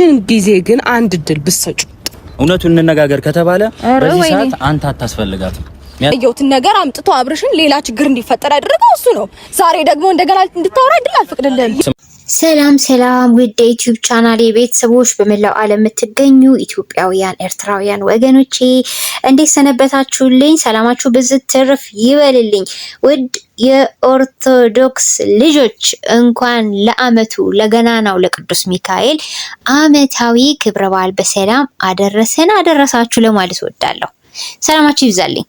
ይችን ጊዜ ግን አንድ እድል ብሰጩ እውነቱን እንነጋገር ከተባለ በዚህ ሰዓት አንተ አታስፈልጋትም። ያየሁትን ነገር አምጥቶ አብርሽን ሌላ ችግር እንዲፈጠር ያደረገው እሱ ነው። ዛሬ ደግሞ እንደገና እንድታወራ እድል አልፈቅድልህም። ሰላም ሰላም፣ ውድ ዩቲዩብ ቻናል የቤተሰቦች በመላው ዓለም የምትገኙ ኢትዮጵያውያን ኤርትራውያን ወገኖቼ እንዴት ሰነበታችሁልኝ? ሰላማችሁ ብዝት ትርፍ ይበልልኝ። ውድ የኦርቶዶክስ ልጆች እንኳን ለአመቱ ለገናናው ለቅዱስ ሚካኤል አመታዊ ክብረ በዓል በሰላም አደረሰን አደረሳችሁ ለማለት ወዳለሁ። ሰላማችሁ ይብዛልኝ።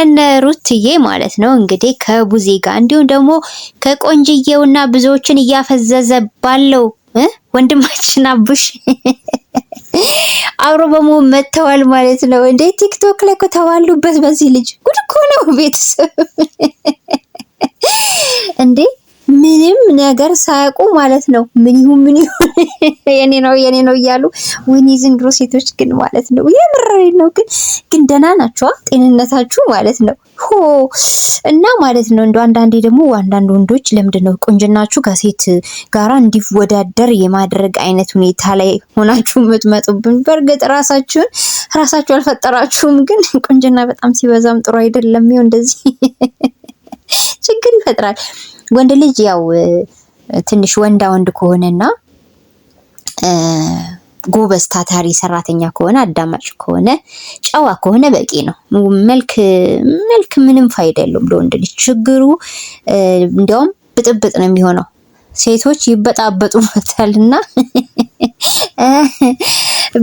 እነ ሩትዬ ማለት ነው እንግዲህ ከቡዜ ጋር እንዲሁም ደግሞ ከቆንጅዬውና ብዙዎችን እያፈዘዘ ባለው ወንድማችን አቡሽ አብሮ በመሆን መጥተዋል ማለት ነው። እንዴ ቲክቶክ ላይ ከተባሉበት በዚህ ልጅ ጉድ እኮ ነው ቤተሰብ እንዴ ምንም ነገር ሳያውቁ ማለት ነው። ምን ይሁን ምን ይሁን የኔ ነው የኔ ነው እያሉ ወይኔ ዘንድሮ ሴቶች ግን ማለት ነው የምር ነው ግን ግን ደህና ናቸዋ ጤንነታችሁ ማለት ነው ሆ እና ማለት ነው እንደው አንዳንዴ ደግሞ አንዳንድ ወንዶች ለምንድን ነው ቁንጅናችሁ ከሴት ጋራ እንዲወዳደር የማድረግ አይነት ሁኔታ ላይ ሆናችሁ የምትመጡብን? በእርግጥ ራሳችሁን ራሳችሁ አልፈጠራችሁም፣ ግን ቁንጅና በጣም ሲበዛም ጥሩ አይደለም። ይኸው እንደዚህ ችግር ይፈጥራል። ወንድ ልጅ ያው ትንሽ ወንዳ ወንድ ከሆነና ጎበዝ ታታሪ ሰራተኛ ከሆነ አዳማጭ ከሆነ ጨዋ ከሆነ በቂ ነው። መልክ መልክ ምንም ፋይዳ የለውም ለወንድ ልጅ። ችግሩ እንዲያውም ብጥብጥ ነው የሚሆነው። ሴቶች ይበጣበጡበታል እና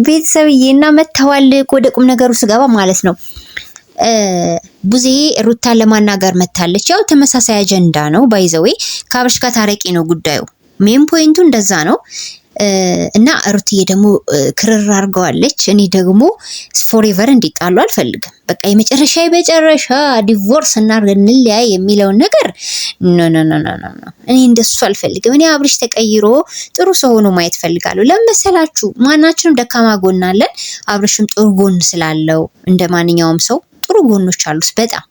ቤተሰብዬ እና መተዋል ወደ ቁም ነገሩ ስገባ ማለት ነው ቡዜ ሩታን ለማናገር መታለች። ያው ተመሳሳይ አጀንዳ ነው ባይዘዌ ከአብርሽ ጋር ታረቂ ነው ጉዳዩ። ሜን ፖይንቱ እንደዛ ነው። እና ሩትዬ ደግሞ ክርር አድርገዋለች። እኔ ደግሞ ፎሬቨር እንዲጣሉ አልፈልግም። በቃ የመጨረሻ የመጨረሻ ዲቮርስ እናድርግ እንለያይ የሚለውን ነገር ኖ ኖ ኖ ኖ ኖ፣ እኔ እንደሱ አልፈልግም። እኔ አብርሽ ተቀይሮ ጥሩ ሰው ሆኖ ማየት ፈልጋለሁ። ለመሰላችሁ ማናችንም ደካማ ጎን አለን። አብርሽም ጥሩ ጎን ስላለው እንደ ማንኛውም ሰው ጥሩ ጎኖች አሉት በጣም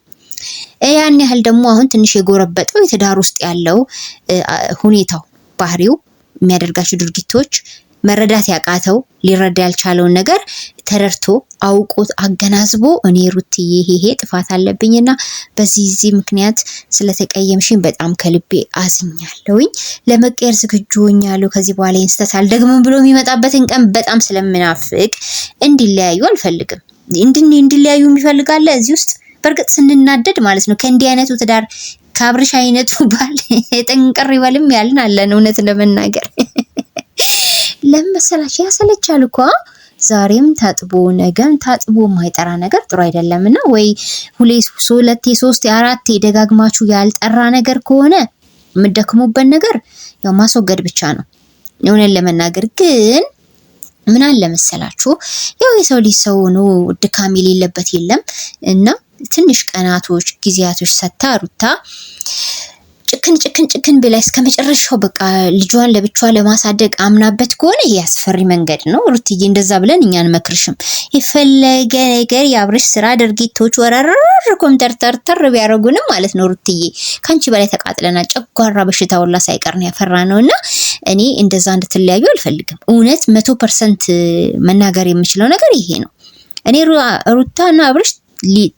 ያን ያህል ደግሞ አሁን ትንሽ የጎረበጠው የትዳር ውስጥ ያለው ሁኔታው ባህሪው የሚያደርጋቸው ድርጊቶች መረዳት ያቃተው ሊረዳ ያልቻለውን ነገር ተረድቶ አውቆት አገናዝቦ እኔ ሩትዬ ይሄ ጥፋት አለብኝና በዚህ ዚህ ምክንያት ስለተቀየምሽኝ በጣም ከልቤ አዝኛለሁኝ፣ ለመቀየር ዝግጁ ሆኛለሁ፣ ከዚህ በኋላ ይንስተታል ደግሞ ብሎ የሚመጣበትን ቀን በጣም ስለምናፍቅ እንዲለያዩ አልፈልግም። እንድን እንድንለያዩ የሚፈልጋለ እዚህ ውስጥ በእርግጥ ስንናደድ ማለት ነው። ከእንዲህ አይነቱ ትዳር ከአብርሽ አይነቱ ባል የጠንቀር ይበልም ያልን አለን። እውነት ለመናገር ለምን መሰላችሁ? ያሰለቻል እኮ ዛሬም ታጥቦ ነገም ታጥቦ የማይጠራ ነገር ጥሩ አይደለም እና ወይ ሁሌ ሁለቴ ሶስቴ አራቴ ደጋግማችሁ ያልጠራ ነገር ከሆነ የምደክሙበት ነገር ያው ማስወገድ ብቻ ነው። እውነት ለመናገር ግን ምን አለ መሰላችሁ ያው የሰው ልጅ ሰው ነው፣ ድካም የሌለበት የለም እና ትንሽ ቀናቶች ጊዜያቶች ሰታ ሩታ ጭክን ጭክን ጭክን ብላ እስከ መጨረሻው በቃ ልጇን ለብቻዋ ለማሳደግ አምናበት ከሆነ ይሄ አስፈሪ መንገድ ነው። ሩትዬ እንደዛ ብለን እኛ አንመክርሽም። የፈለገ ነገር የአብርሽ ስራ ድርጊቶች ወረረር ኮምተርተርተር ቢያደርጉንም ማለት ነው ሩትዬ ከአንቺ በላይ ተቃጥለናል። ጨጓራ በሽታ ወላ ሳይቀር ነው ያፈራ ነው እና እኔ እንደዛ እንድትለያዩ አልፈልግም። እውነት መቶ ፐርሰንት መናገር የምችለው ነገር ይሄ ነው። እኔ ሩታ እና አብርሽ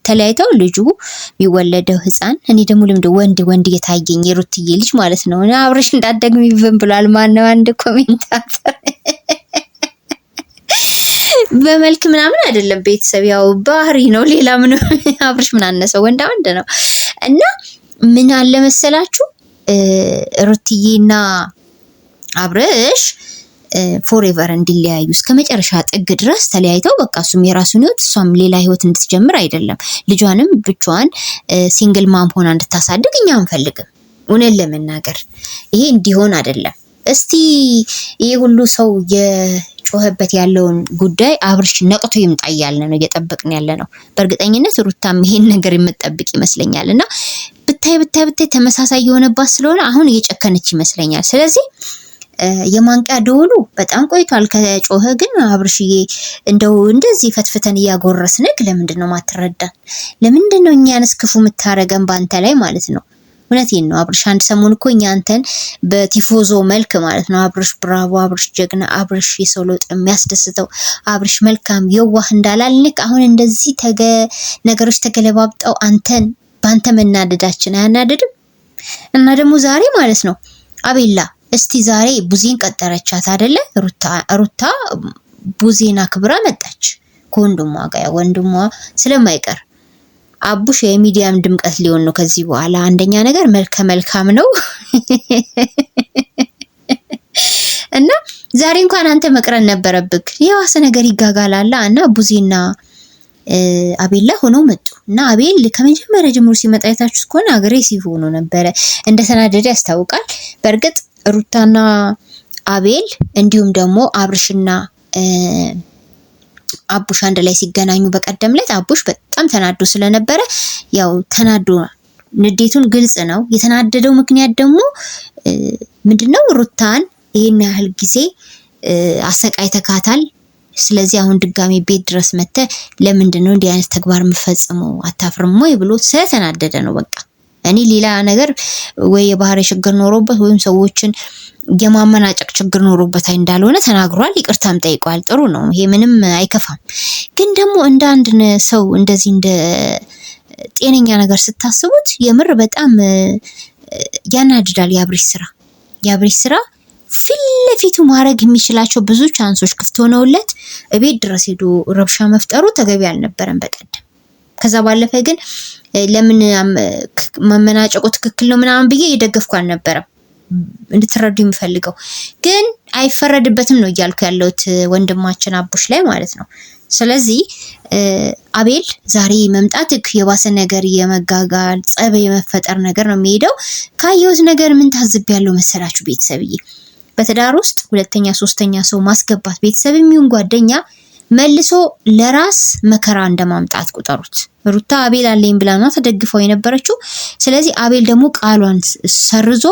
ተለያይተው ልጁ የሚወለደው ህፃን እኔ ደግሞ ልምድ ወንድ ወንድ እየታየኝ የሩትዬ ልጅ ማለት ነው አብረሽ እንዳደግም ይብን ብሏል። ማነው አንድ ኮሜንታተር በመልክ ምናምን አይደለም ቤተሰብ ያው ባህሪ ነው። ሌላ ምን አብርሽ ምን አነሰው? ወንድ ወንድ ነው እና ምን አለ መሰላችሁ ሩትዬና አብርሽ ፎሬቨር እንዲለያዩ እስከ መጨረሻ ጥግ ድረስ ተለያይተው በቃ እሱም የራሱን ህይወት እሷም ሌላ ህይወት እንድትጀምር አይደለም። ልጇንም ብቻዋን ሲንግል ማም ሆና እንድታሳድግ እኛ አንፈልግም። እውነት ለመናገር ይሄ እንዲሆን አይደለም። እስቲ ይሄ ሁሉ ሰው እየጮኸበት ያለውን ጉዳይ አብርሽ ነቅቶ ይምጣ እያልን ነው፣ እየጠበቅን ያለ ነው። በእርግጠኝነት ሩታም ይሄን ነገር የምጠብቅ ይመስለኛል እና ብታይ ብታይ ብታይ ተመሳሳይ የሆነባት ስለሆነ አሁን እየጨከነች ይመስለኛል። ስለዚህ የማንቂያ ደወሉ በጣም ቆይቷል ከጮኸ ግን አብርሽዬ እንደው እንደዚህ ፈትፍተን እያጎረስንክ ለምንድን ነው ማትረዳን? ለምንድን ነው እኛንስ ክፉ የምታረገን በአንተ ላይ ማለት ነው? እውነቴን ነው አብርሽ፣ አንድ ሰሞን እኮ እኛ አንተን በቲፎዞ መልክ ማለት ነው አብርሽ ብራቮ፣ አብርሽ ጀግና፣ አብርሽ የሰው ለውጥ የሚያስደስተው አብርሽ መልካም የዋህ እንዳላልንክ አሁን እንደዚህ ነገሮች ተገለባብጠው አንተን በአንተ መናደዳችን አያናደድም? እና ደግሞ ዛሬ ማለት ነው አቤላ እስቲ ዛሬ ቡዜን ቀጠረቻት አደለ? ሩታ ቡዜን አክብራ መጣች ከወንድሟ ጋር። ወንድሟ ስለማይቀር አቡሽ የሚዲያም ድምቀት ሊሆን ነው ከዚህ በኋላ። አንደኛ ነገር መልከ መልካም ነው እና ዛሬ እንኳን አንተ መቅረን ነበረብክ። የዋሰ ነገር ይጋጋላላ እና ቡዜና አቤላ ሆነው መጡ እና አቤል ከመጀመሪያ ጀምሮ ሲመጣ የታችሁት ከሆነ አግሬሲቭ ሆኖ ነበረ። እንደተናደደ ያስታውቃል በእርግጥ ሩታና አቤል እንዲሁም ደግሞ አብርሽና አቡሽ አንድ ላይ ሲገናኙ በቀደም ዕለት አቡሽ በጣም ተናዶ ስለነበረ ያው ተናዶ ንዴቱን ግልጽ ነው። የተናደደው ምክንያት ደግሞ ምንድነው? ሩታን ይህን ያህል ጊዜ አሰቃይ ተካታል። ስለዚህ አሁን ድጋሜ ቤት ድረስ መተ ለምንድን ነው እንዲህ አይነት ተግባር የምፈጽመው? አታፍርም ወይ ብሎ ስለተናደደ ነው በቃ እኔ ሌላ ነገር ወይ የባህሪ ችግር ኖሮበት ወይም ሰዎችን የማመናጨቅ ችግር ኖሮበት እንዳልሆነ ተናግሯል። ይቅርታም ጠይቋል። ጥሩ ነው። ይሄ ምንም አይከፋም። ግን ደግሞ እንደ አንድ ሰው እንደዚህ እንደ ጤነኛ ነገር ስታስቡት የምር በጣም ያናድዳል። የአብሬሽ ስራ የአብሬሽ ስራ ፊት ለፊቱ ማድረግ የሚችላቸው ብዙ ቻንሶች ክፍት ሆነውለት እቤት ድረስ ሄዶ ረብሻ መፍጠሩ ተገቢ አልነበረም በቀደም። ከዛ ባለፈ ግን ለምን መመናጨቁ ትክክል ነው ምናምን ብዬ እየደገፍኩ አልነበረም። እንድትረዱ የሚፈልገው ግን አይፈረድበትም ነው እያልኩ ያለሁት ወንድማችን አቡሽ ላይ ማለት ነው። ስለዚህ አቤል ዛሬ መምጣት የባሰ ነገር የመጋጋል ጸብ የመፈጠር ነገር ነው የሚሄደው። ካየሁት ነገር ምን ታዝብ ያለው መሰላችሁ ቤተሰብዬ፣ በትዳር ውስጥ ሁለተኛ ሶስተኛ ሰው ማስገባት ቤተሰብ የሚሆን ጓደኛ መልሶ ለራስ መከራ እንደማምጣት ቁጠሩት። ሩታ አቤል አለኝ ብላ ነው ተደግፈው የነበረችው። ስለዚህ አቤል ደግሞ ቃሏን ሰርዞ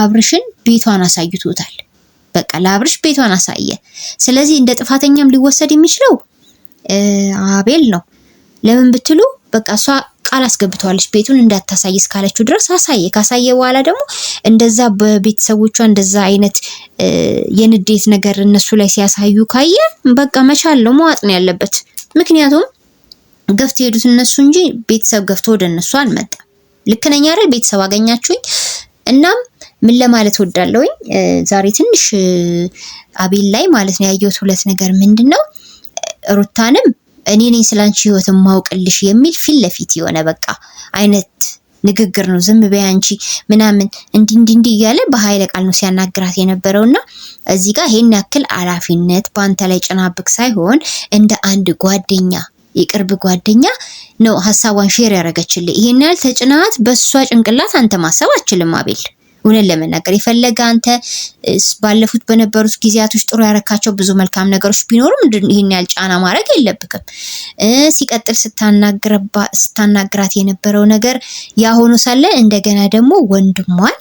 አብርሽን ቤቷን አሳይቶታል። በቃ ለአብርሽ ቤቷን አሳየ። ስለዚህ እንደ ጥፋተኛም ሊወሰድ የሚችለው አቤል ነው። ለምን ብትሉ በቃ እሷ ቃል አስገብተዋለች። ቤቱን እንዳታሳይ እስካለችው ድረስ አሳየ። ካሳየ በኋላ ደግሞ እንደዛ በቤተሰቦቿ እንደዛ አይነት የንዴት ነገር እነሱ ላይ ሲያሳዩ ካየ በቃ መቻል መዋጥ ነው ያለበት። ምክንያቱም ገፍት የሄዱት እነሱ እንጂ ቤተሰብ ገፍቶ ወደ እነሱ አልመጣም። ልክ ነኝ አይደል? ቤተሰብ አገኛችሁኝ። እናም ምን ለማለት ወዳለውኝ ዛሬ ትንሽ አቤል ላይ ማለት ነው ያየሁት ሁለት ነገር ምንድን ነው ሩታንም እኔ ነኝ ስላንቺ ህይወት ማውቅልሽ የሚል ፊት ለፊት የሆነ በቃ አይነት ንግግር ነው። ዝም በይ አንቺ ምናምን እንዲ እንዲ እንዲ እያለ በኃይለ ቃል ነው ሲያናግራት የነበረው እና እዚህ ጋር ይሄን ያክል አላፊነት በአንተ ላይ ጭናብቅ ሳይሆን እንደ አንድ ጓደኛ የቅርብ ጓደኛ ነው ሀሳቧን ሼር ያደረገችልህ። ይሄን ያህል ተጭናት በእሷ ጭንቅላት አንተ ማሰብ አችልም አቤል። እውነት ለመናገር የፈለገ አንተ ባለፉት በነበሩት ጊዜያቶች ጥሩ ያረካቸው ብዙ መልካም ነገሮች ቢኖሩም ይህን ያህል ጫና ማድረግ የለብክም። ሲቀጥል ስታናግራት የነበረው ነገር ያሆኑ ሳለ እንደገና ደግሞ ወንድሟን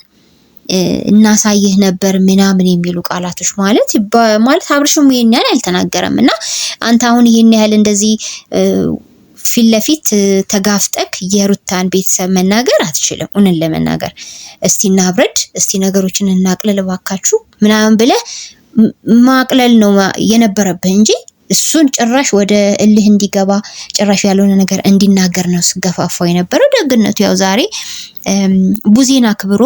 እናሳይህ ነበር ምናምን የሚሉ ቃላቶች ማለት ማለት አብርሽም ይህን ያህል አልተናገረም እና አንተ አሁን ይሄን ያህል እንደዚህ ፊት ለፊት ተጋፍጠክ የሩታን ቤተሰብ መናገር አትችልም። እውነት ለመናገር እስቲ እናብረድ፣ እስቲ ነገሮችን እናቅለል ባካችሁ ምናምን ብለህ ማቅለል ነው የነበረብህ እንጂ እሱን ጭራሽ ወደ እልህ እንዲገባ ጭራሽ ያልሆነ ነገር እንዲናገር ነው ስገፋፋው የነበረው። ደግነቱ ያው ዛሬ ቡዜን አክብሮ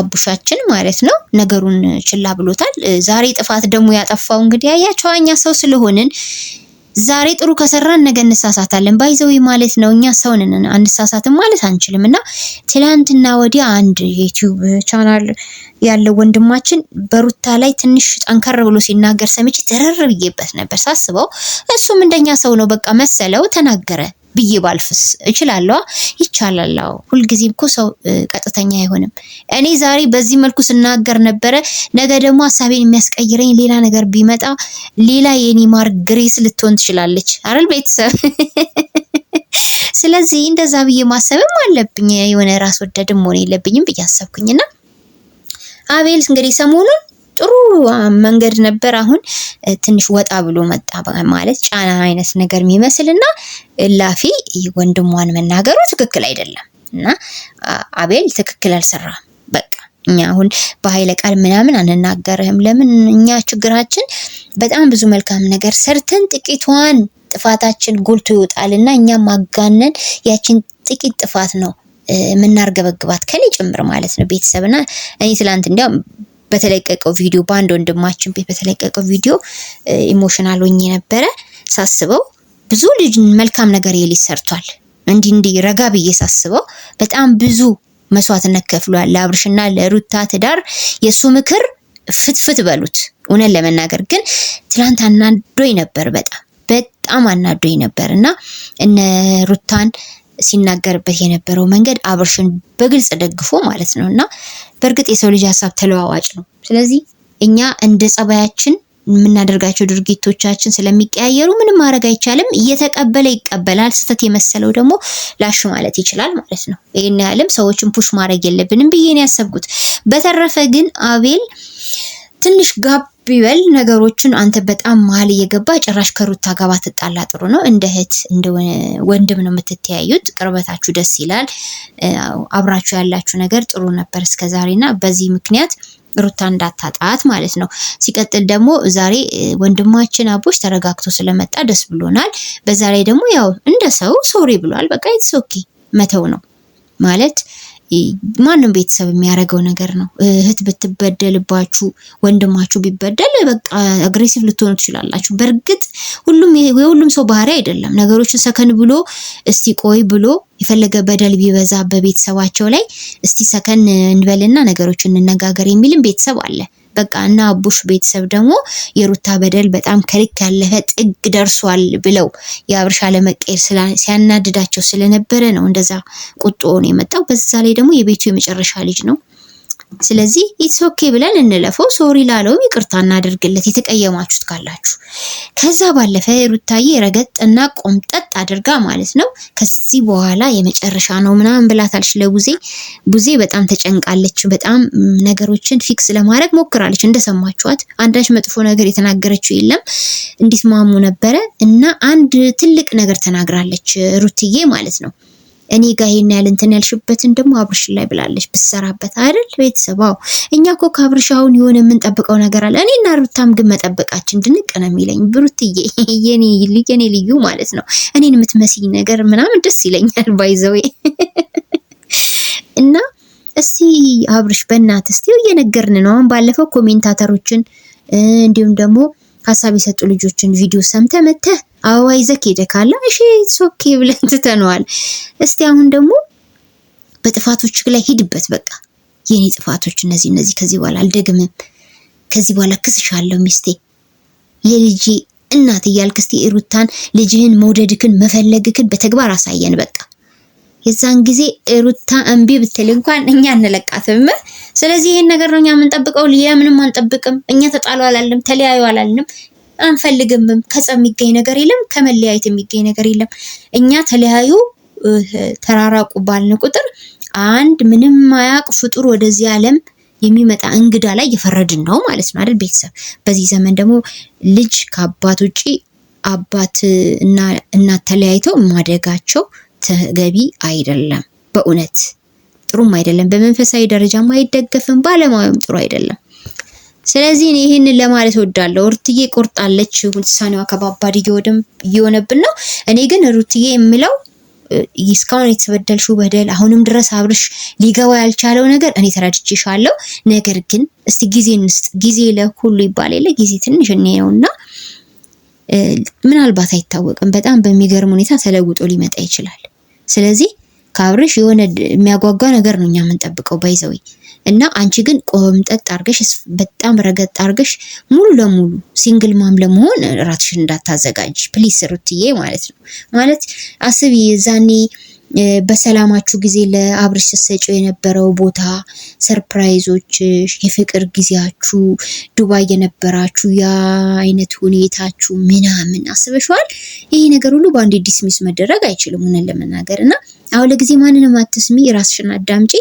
አቡሻችን ማለት ነው ነገሩን ችላ ብሎታል። ዛሬ ጥፋት ደግሞ ያጠፋው እንግዲህ ያያቸው እኛ ሰው ስለሆንን ዛሬ ጥሩ ከሰራን ነገ እንሳሳታለን ባይዘዊ ማለት ነው። እኛ ሰውን አንሳሳትም ማለት አንችልም። እና ትላንትና ወዲያ አንድ የዩቲዩብ ቻናል ያለው ወንድማችን በሩታ ላይ ትንሽ ጠንከር ብሎ ሲናገር ሰምቼ ትርር ብዬበት ነበር። ሳስበው እሱም እንደኛ ሰው ነው፣ በቃ መሰለው ተናገረ። ብዬ ባልፍስ እችላለዋ። ይቻላል። ሁልጊዜም እኮ ሰው ቀጥተኛ አይሆንም። እኔ ዛሬ በዚህ መልኩ ስናገር ነበረ፣ ነገ ደግሞ ሀሳቤን የሚያስቀይረኝ ሌላ ነገር ቢመጣ ሌላ የኔ ማር ግሬስ ልትሆን ትችላለች አይደል ቤተሰብ? ስለዚህ እንደዛ ብዬ ማሰብም አለብኝ። የሆነ ራስ ወዳድም መሆን የለብኝም ብዬ አሰብኩኝና አቤል እንግዲህ ሰሞኑን ጥሩ መንገድ ነበር። አሁን ትንሽ ወጣ ብሎ መጣ ማለት ጫና አይነት ነገር የሚመስል እና እላፊ ወንድሟን መናገሩ ትክክል አይደለም እና አቤል ትክክል አልሰራም። በቃ እኛ አሁን በኃይለ ቃል ምናምን አንናገርህም። ለምን እኛ ችግራችን በጣም ብዙ መልካም ነገር ሰርተን ጥቂቷን ጥፋታችን ጎልቶ ይወጣልና እኛ ማጋነን ያችን ጥቂት ጥፋት ነው የምናርገበግባት ከኔ ጭምር ማለት ነው ቤተሰብና እኔ ትላንት እንዲያውም በተለቀቀው ቪዲዮ በአንድ ወንድማችን ቤት በተለቀቀው ቪዲዮ ኢሞሽናል ሆኜ ነበረ። ሳስበው ብዙ ልጅ መልካም ነገር የልጅ ሰርቷል። እንዲህ እንዲህ ረጋ ብዬ ሳስበው በጣም ብዙ መስዋዕትነት ከፍሏል። ለአብርሽና ለሩታ ትዳር የእሱ ምክር ፍትፍት በሉት። እውነት ለመናገር ግን ትላንት አናዶኝ ነበር፣ በጣም በጣም አናዶኝ ነበር እና እነ ሩታን ሲናገርበት የነበረው መንገድ አብርሽን በግልጽ ደግፎ ማለት ነው። እና በእርግጥ የሰው ልጅ ሀሳብ ተለዋዋጭ ነው። ስለዚህ እኛ እንደ ጸባያችን የምናደርጋቸው ድርጊቶቻችን ስለሚቀያየሩ ምንም ማድረግ አይቻልም። እየተቀበለ ይቀበላል። ስህተት የመሰለው ደግሞ ላሽ ማለት ይችላል ማለት ነው። ይህን ያህልም ሰዎችን ፑሽ ማድረግ የለብንም ብዬን ያሰብኩት። በተረፈ ግን አቤል ትንሽ ጋብ ቢበል ነገሮችን አንተ በጣም መሀል እየገባ ጭራሽ ከሩታ ጋባ ትጣላ። ጥሩ ነው። እንደ እህት እንደ ወንድም ነው የምትተያዩት። ቅርበታችሁ ደስ ይላል። አብራችሁ ያላችሁ ነገር ጥሩ ነበር እስከ ዛሬ እና በዚህ ምክንያት ሩታ እንዳታጣት ማለት ነው። ሲቀጥል ደግሞ ዛሬ ወንድማችን አቦች ተረጋግቶ ስለመጣ ደስ ብሎናል። በዛ ላይ ደግሞ ያው እንደ ሰው ሶሪ ብሏል። በቃ ኢትስ ኦኬ መተው ነው ማለት ማንም ቤተሰብ የሚያደርገው ነገር ነው። እህት ብትበደልባችሁ፣ ወንድማችሁ ቢበደል በቃ አግሬሲቭ ልትሆኑ ትችላላችሁ። በእርግጥ ሁሉም የሁሉም ሰው ባህሪ አይደለም። ነገሮችን ሰከን ብሎ እስቲ ቆይ ብሎ የፈለገ በደል ቢበዛ በቤተሰባቸው ላይ እስቲ ሰከን እንበልና ነገሮችን እንነጋገር የሚልም ቤተሰብ አለ። በቃ እና አቡሽ ቤተሰብ ደግሞ የሩታ በደል በጣም ከልክ ያለፈ ጥግ ደርሷል ብለው የአብርሻ ለመቀየር ሲያናድዳቸው ስለነበረ ነው እንደዛ ነው የመጣው። በዛ ላይ ደግሞ የቤቱ የመጨረሻ ልጅ ነው። ስለዚህ ኢትስ ኦኬ ብለን እንለፈው። ሶሪ ላለውም ይቅርታ እናደርግለት የተቀየማችሁት ካላችሁ። ከዛ ባለፈ ሩታዬ ረገጥና ቆምጠጥ አድርጋ ማለት ነው ከዚህ በኋላ የመጨረሻ ነው ምናምን ብላታለች ለቡዜ። ቡዜ በጣም ተጨንቃለች። በጣም ነገሮችን ፊክስ ለማድረግ ሞክራለች። እንደሰማችኋት አንዳች መጥፎ ነገር የተናገረችው የለም። እንዲስማሙ ነበረ እና አንድ ትልቅ ነገር ተናግራለች ሩትዬ ማለት ነው እኔ ጋር ይሄን ያህል እንትን ያልሽበትን ደግሞ አብርሽ ላይ ብላለች ብሰራበት አይደል ቤተሰባው። እኛ እኮ ከአብርሽ አሁን የሆነ የምንጠብቀው ነገር አለ። እኔና ሩታም ግን መጠበቃችን ድንቅ ነው የሚለኝ ብሩትዬ፣ የኔ ልዩ ማለት ነው። እኔን የምትመስኝ ነገር ምናምን ደስ ይለኛል ባይዘዌ እና እስቲ አብርሽ በእናት እስቲ እየነገርን ነው። አሁን ባለፈው ኮሜንታተሮችን እንዲሁም ደግሞ ሀሳብ የሰጡ ልጆችን ቪዲዮ ሰምተህ መተህ አበባ ይዘክ ሄደ ካለ እሺ ሶኬ ብለን ትተነዋል። እስቲ አሁን ደግሞ በጥፋቶች ላይ ሂድበት። በቃ የኔ ጥፋቶች እነዚህ እነዚህ፣ ከዚህ በኋላ አልደግምም፣ ከዚህ በኋላ ክስሻለሁ ሚስቴ የልጄ እናት እያልክ እስቲ ሩታን ልጅህን መውደድክን መፈለግክን በተግባር አሳየን። በቃ የዛን ጊዜ ሩታ እምቢ ብትል እንኳን እኛ እንለቃትም። ስለዚህ ይህን ነገር ነው እኛ የምንጠብቀው። ሌላ ምንም አንጠብቅም። እኛ ተጣሉ አላልንም፣ ተለያዩ አላልንም። አንፈልግምም። ከጸብ የሚገኝ ነገር የለም። ከመለያየት የሚገኝ ነገር የለም። እኛ ተለያዩ ተራራቁ ባልን ቁጥር አንድ ምንም ማያቅ ፍጡር ወደዚህ ዓለም የሚመጣ እንግዳ ላይ እየፈረድን ነው ማለት ነው አይደል? ቤተሰብ በዚህ ዘመን ደግሞ ልጅ ከአባት ውጪ አባት እና እናት ተለያይተው ማደጋቸው ተገቢ አይደለም። በእውነት ጥሩም አይደለም። በመንፈሳዊ ደረጃም አይደገፍም። ባለሙያውም ጥሩ አይደለም። ስለዚህ እኔ ይህንን ለማለት እወዳለሁ። ሩትዬ ቆርጣለች፣ ውሳኔዋ ከባባድ እየሆነብን ነው። እኔ ግን ሩትዬ የምለው እስካሁን የተበደልሽው በደል አሁንም ድረስ አብርሽ ሊገባ ያልቻለው ነገር እኔ ተረድቼሻለሁ። ነገር ግን እስቲ ጊዜ እንስጥ። ጊዜ ለሁሉ ይባል የለ ጊዜ ትንሽ እኔ ነውና ምናልባት አይታወቅም። በጣም በሚገርም ሁኔታ ተለውጦ ሊመጣ ይችላል። ስለዚህ ከአብርሽ የሆነ የሚያጓጓ ነገር ነው እኛ የምንጠብቀው ባይዘዊ እና አንቺ ግን ቆምጠጥ አርገሽ በጣም ረገጥ አርገሽ ሙሉ ለሙሉ ሲንግል ማም ለመሆን ራትሽን እንዳታዘጋጅ ፕሊስ ሩትዬ ማለት ነው። ማለት አስቢ የዛኔ በሰላማችሁ ጊዜ ለአብርሽ ስትሰጪው የነበረው ቦታ፣ ሰርፕራይዞች፣ የፍቅር ጊዜያችሁ፣ ዱባይ የነበራችሁ ያ አይነት ሁኔታችሁ ምናምን አስበሽዋል። ይሄ ነገር ሁሉ በአንድ ዲስሚስ መደረግ አይችልም ሆነን ለመናገር እና አሁን ለጊዜ ማንንም አትስሚ፣ ራስሽን አዳምጪ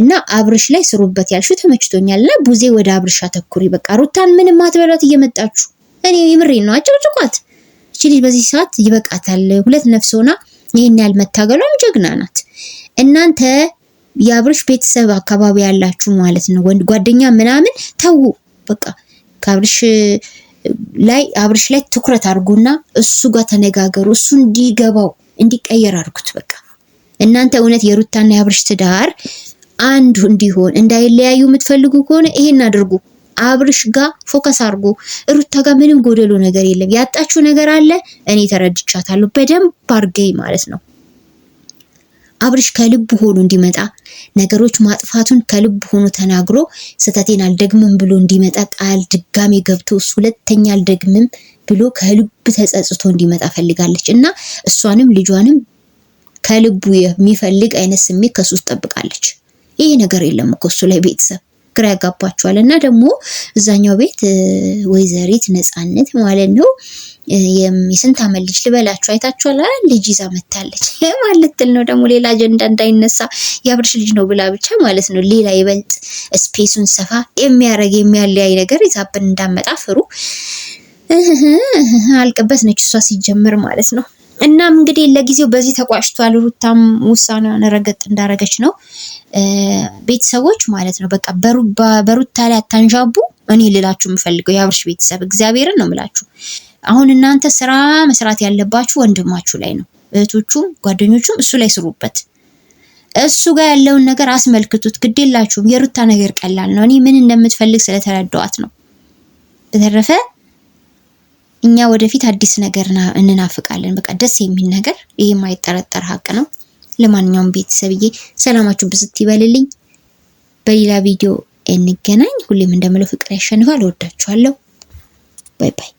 እና አብርሽ ላይ ስሩበት ያልሽው ተመችቶኛል እና ቡዜ ወደ አብርሽ አተኩሪ። በቃ ሩታን ምንም አትበሏት እየመጣችሁ እኔ የምሬን ነው። አጨብጭቋት። እቺ ልጅ በዚህ ሰዓት ይበቃታል። ሁለት ነፍስ ሆና ይህን ያህል መታገሏም ጀግና ናት። እናንተ የአብርሽ ቤተሰብ አካባቢ ያላችሁ ማለት ነው ወንድ ጓደኛ ምናምን ተዉ በቃ ከአብርሽ ላይ አብርሽ ላይ ትኩረት አድርጉና እሱ ጋር ተነጋገሩ። እሱ እንዲገባው እንዲቀየር አድርጉት በቃ እናንተ እውነት የሩታና የአብርሽ ትዳር አንድ እንዲሆን እንዳይለያዩ የምትፈልጉ ከሆነ ይሄን አድርጉ። አብርሽ ጋር ፎከስ አድርጎ ሩታ ጋር ምንም ጎደሎ ነገር የለም። ያጣችው ነገር አለ። እኔ ተረድቻታለሁ በደንብ አድርገኝ ማለት ነው። አብርሽ ከልብ ሆኖ እንዲመጣ ነገሮች ማጥፋቱን ከልብ ሆኖ ተናግሮ ስህተቴን አልደግምም ብሎ እንዲመጣ ቃል ድጋሜ ገብቶ እሱ ሁለተኛ አልደግምም ብሎ ከልብ ተጸጽቶ እንዲመጣ ፈልጋለች እና እሷንም ልጇንም ከልቡ የሚፈልግ አይነት ስሜት ከሱ ትጠብቃለች። ይሄ ነገር የለም እኮ እሱ ላይ ቤተሰብ ግራ ያጋባቸዋል። እና ደግሞ እዛኛው ቤት ወይዘሪት ነፃነት ማለት ነው የስንት አመት ልጅ ልበላችሁ አይታችኋል። ልጅ ይዛ መታለች ማለትል ነው ደግሞ ሌላ አጀንዳ እንዳይነሳ የአብርሽ ልጅ ነው ብላ ብቻ ማለት ነው ሌላ ይበልጥ ስፔሱን ሰፋ የሚያደርግ የሚያለያይ ነገር ይዛብን እንዳመጣ ፍሩ አልቅበት ነች እሷ ሲጀምር ማለት ነው። እናም እንግዲህ ለጊዜው በዚህ ተቋጭቷል። ሩታም ውሳኔዋን ረገጥ እንዳረገች ነው ቤተሰቦች ማለት ነው። በቃ በሩታ ላይ አታንዣቡ። እኔ ልላችሁ የምፈልገው የአብርሽ ቤተሰብ እግዚአብሔርን ነው ምላችሁ አሁን እናንተ ስራ መስራት ያለባችሁ ወንድማችሁ ላይ ነው። እህቶቹም ጓደኞቹም እሱ ላይ ስሩበት። እሱ ጋር ያለውን ነገር አስመልክቱት። ግድ የላችሁም። የሩታ ነገር ቀላል ነው። እኔ ምን እንደምትፈልግ ስለተረዳዋት ነው። በተረፈ እኛ ወደፊት አዲስ ነገር እንናፍቃለን። በቃ ደስ የሚል ነገር፣ ይህ የማይጠረጠር ሀቅ ነው። ለማንኛውም ቤተሰብዬ ሰላማችሁ ብዝት ይበልልኝ። በሌላ ቪዲዮ እንገናኝ። ሁሌም እንደምለው ፍቅር ያሸንፋል። ወዳችኋለሁ። ባይ ባይ።